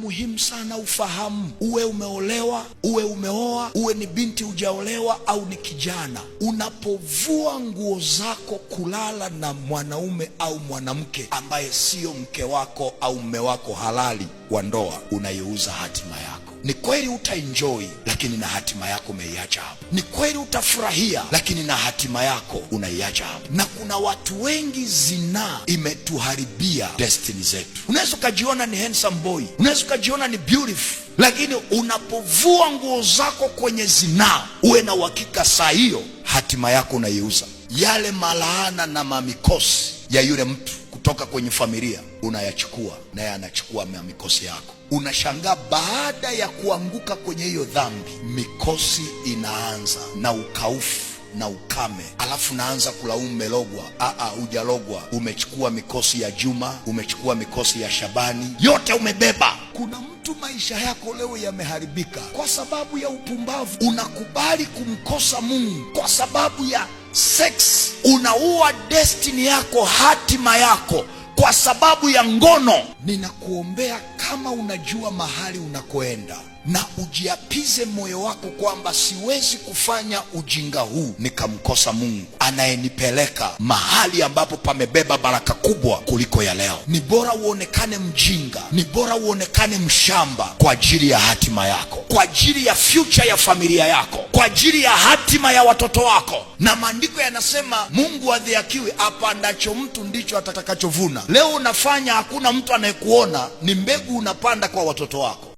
Muhimu sana ufahamu, uwe umeolewa, uwe umeoa, uwe ni binti hujaolewa au ni kijana, unapovua nguo zako kulala na mwanaume au mwanamke ambaye sio mke wako au mme wako halali wa ndoa, unayeuza hatima ni kweli utaenjoi lakini na hatima yako umeiacha hapo. Ni kweli utafurahia, lakini na hatima yako unaiacha hapo. Na kuna watu wengi, zinaa imetuharibia destiny zetu. Unaweza ukajiona ni handsome boy, unaweza ukajiona ni beautiful lakini unapovua nguo zako kwenye zinaa, uwe na uhakika saa hiyo hatima yako unaiuza. Yale malaana na mamikosi ya yule mtu kutoka kwenye familia unayachukua naye anachukua mikosi yako. Unashangaa baada ya kuanguka kwenye hiyo dhambi, mikosi inaanza na ukaufu na ukame, alafu naanza kulaumu melogwa. Aa, hujalogwa. Umechukua mikosi ya Juma, umechukua mikosi ya Shabani, yote umebeba. Kuna mtu maisha yako leo yameharibika kwa sababu ya upumbavu. Unakubali kumkosa Mungu kwa sababu ya sex, unaua destiny yako, hatima yako kwa sababu ya ngono. Ninakuombea kama unajua mahali unakoenda na ujiapize moyo wako kwamba siwezi kufanya ujinga huu nikamkosa Mungu anayenipeleka mahali ambapo pamebeba baraka kubwa kuliko ya leo. Ni bora uonekane mjinga, ni bora uonekane mshamba kwa ajili ya hatima yako, kwa ajili ya future ya familia yako, kwa ajili ya hatima ya watoto wako. Na maandiko yanasema Mungu adhiakiwe, apandacho mtu ndicho atakachovuna. Leo unafanya, hakuna mtu anayekuona, ni mbegu unapanda kwa watoto wako.